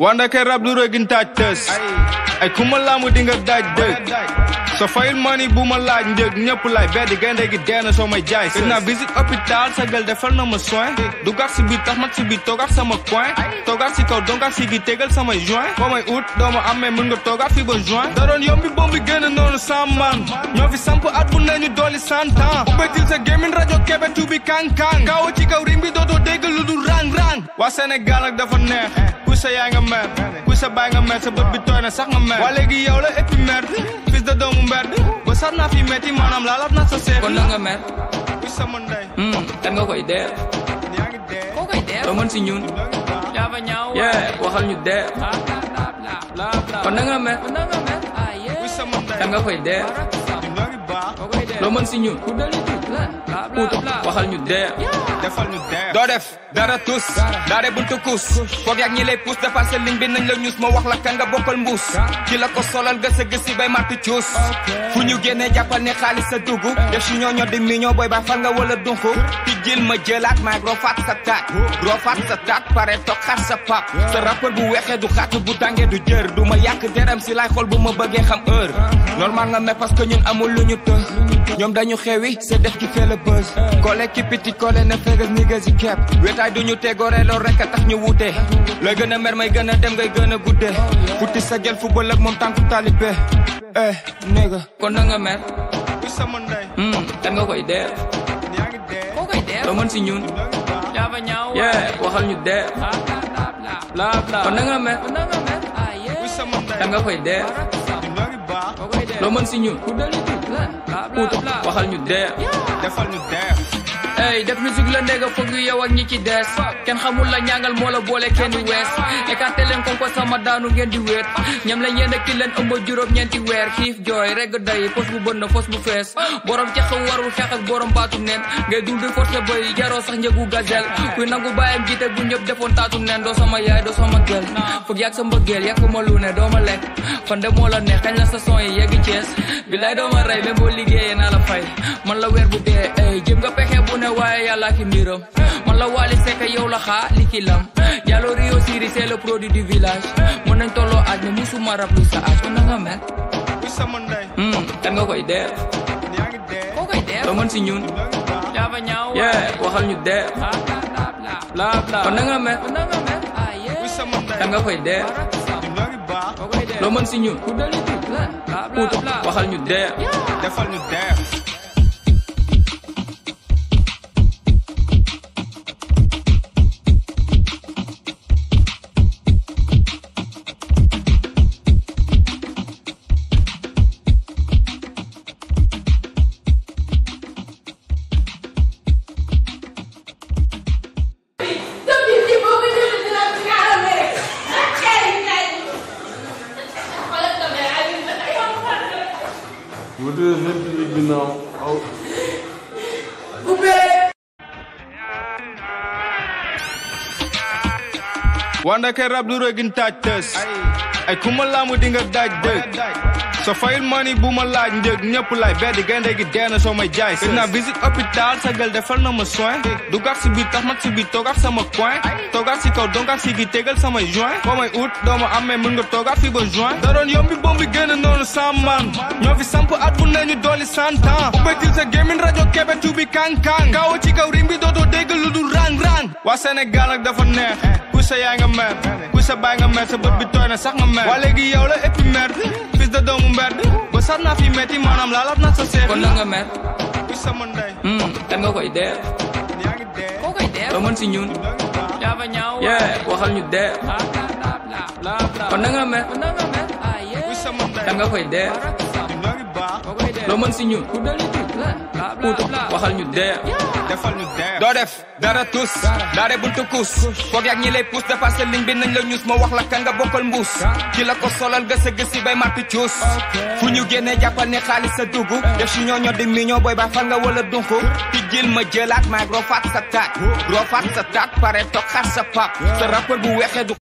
wanda kay rab du rëgin taaj tës ay ku ma laamu di nga daaj dëgg sa fayul mani bu ma laaj njëg ñëpp lay beddi gaynde gi deen soo may jaay sës naa visite hôpital sa gel defal na ma soin du si biir tax mag si biir toogaat sama coin toogaat si kaw dongaat si gi tegal sama joint boo may ut doo ma amee mën nga toogaat fi ba joint da doon yombi bombi génn noonu sans man ñoo fi samp at bu nañu dooli cent ans ubbetil sa gémmin rajo kebe tuubi kang kang ci kaw ring bi dootoo dégg waa Sénégal ak dafa neex sa yaay nga mer ku sa baay nga mer sa bët bi tooy na sax nga mer waa léegi yow la et puis merde fils de doomu merde ba sax naa fi metti naa sa seet kon na nga mer ku hmm, kan nga koy dee koo si ñun dafa ñaaw yee waxal ñu dee ah, kon na nga mer ah, kan nga koy dee baax loo mën si ñun ut waxal ñu deer defal ñu deer doo def dara tus daare buntu kus foog yak ñi lay puus defar sa ligne bi nañ la ñuus ma wax la kan nga bokkal mbuus ki la ko solal nga sa gis si bay màtt cuus fu ñu génnee jàppal ne xaalis sa dugg def si ñoo ñoo mi ñoo booy ba fal nga wala dunq jël ma jëlaat maag rofaat sa taat rofaat sa taat pare toog sa pap sa rappeur bu weexee du xàtt bu tàngee du jër du ma yàq deram si laay xool bu ma bëggee xam heure normal nga mais parce que ñun amul lu ñu të ñoom dañu xewi c'est def ki fee la buzz kole ki piti kole na fegas ni kepp wetaay du ñu tegoore a tax ñu wute looy gën a mer may gën a dem ngay gën a gudde futti sa jël football ak moom tànku talibe eh néega kon da mer bi hmm, nga koy def loo mën si ñun yee waxal ñu dee ah, kon na nga mer da ah, nga koy dee loo mën si ñun puut waxal ñu dee ey def musique la ndega foog yu yow ak ñi ci des kenn xamul la ñaangal boole kenn wees écarté leen kon ko sama daanu ngeen di wéet ñam la ñeen ki leen ëmba juróom ñeenti weer xiif jooy regg day fos bu bën na fos bu fees borom ceq warul xeex ak borom baatu neen ngay dund forcé bay jaroo sax njëgu gazel kuy nangu bàyyam jiite bu ñëpp defoon taatu neen doo sama yaay doo sama gel foog yàgg sa mbëggeel yàgg ma lu ne doo ma lekk fan moo la neex kañ la na waaye yàlla ki mbiram man la Wally Seck yow la xaa li kilam yàlla Rio Siri c'est le produit du village mën nañ tolloo aaj ne musuma rab sa aaj ko na nga mel da hmm, nga koy def koo koy si ñun waxal ñu def la la koy def loo mën si ñun waxal ñu def bu dee rab lu rëgin taaj ay kuma laamu dinga daaj dëgg so fayul money bu ma laaj njëg ñëpp lay beddi gaynde gi dee na soo may jaay si na visite hôpital sa gel defal na ma soin dugaat si biir tax nag si sama coin toogaat si kaw dongaat si gi tegal sama joint boo may ut doo ma amee mën nga toogaat fi ba juin da doon yombi bombi génn noonu samman ñoo fi samp at bu ne ñu dooli cent ans ubbetil sa gémmin rajo kebe tuubi kang kaw ci kaw rim bi dootoo dégg lu dul rang rang waa Sénégal ak dafa sa yaay nga mer ku sa baay nga mer sa bët bi tooy na sax nga mer waa léegi yow la et puis mer fils de doomu mberd ba sax naa fi metti maanaam laalaat na sa seet hmm, ah, kon na nga mer ah, ku sama koy dee yaa ngi si ñun yaa ba ñaaw yee waxal ñu dee kon na nga mer ku koy dee loo mën si ñun ut waxal ñu dee defal ñu dee doo def dara tus daa de buntu kus foog yak ñi lay puus dépassé ligne bi nañ la ñuus ma wax la ka nga bokkal mbuus ki la ko solal nga sëgg bay màtt cuus fu ñu génnee jàppal ne xaalis sa dugg def si ñoo ñoo di million booy ba fal nga wala dunk tijjil ma jëlaat maag rofaat sa taat rofaat sa taat pare toog xaar sa pap sa rappeur bu weexee du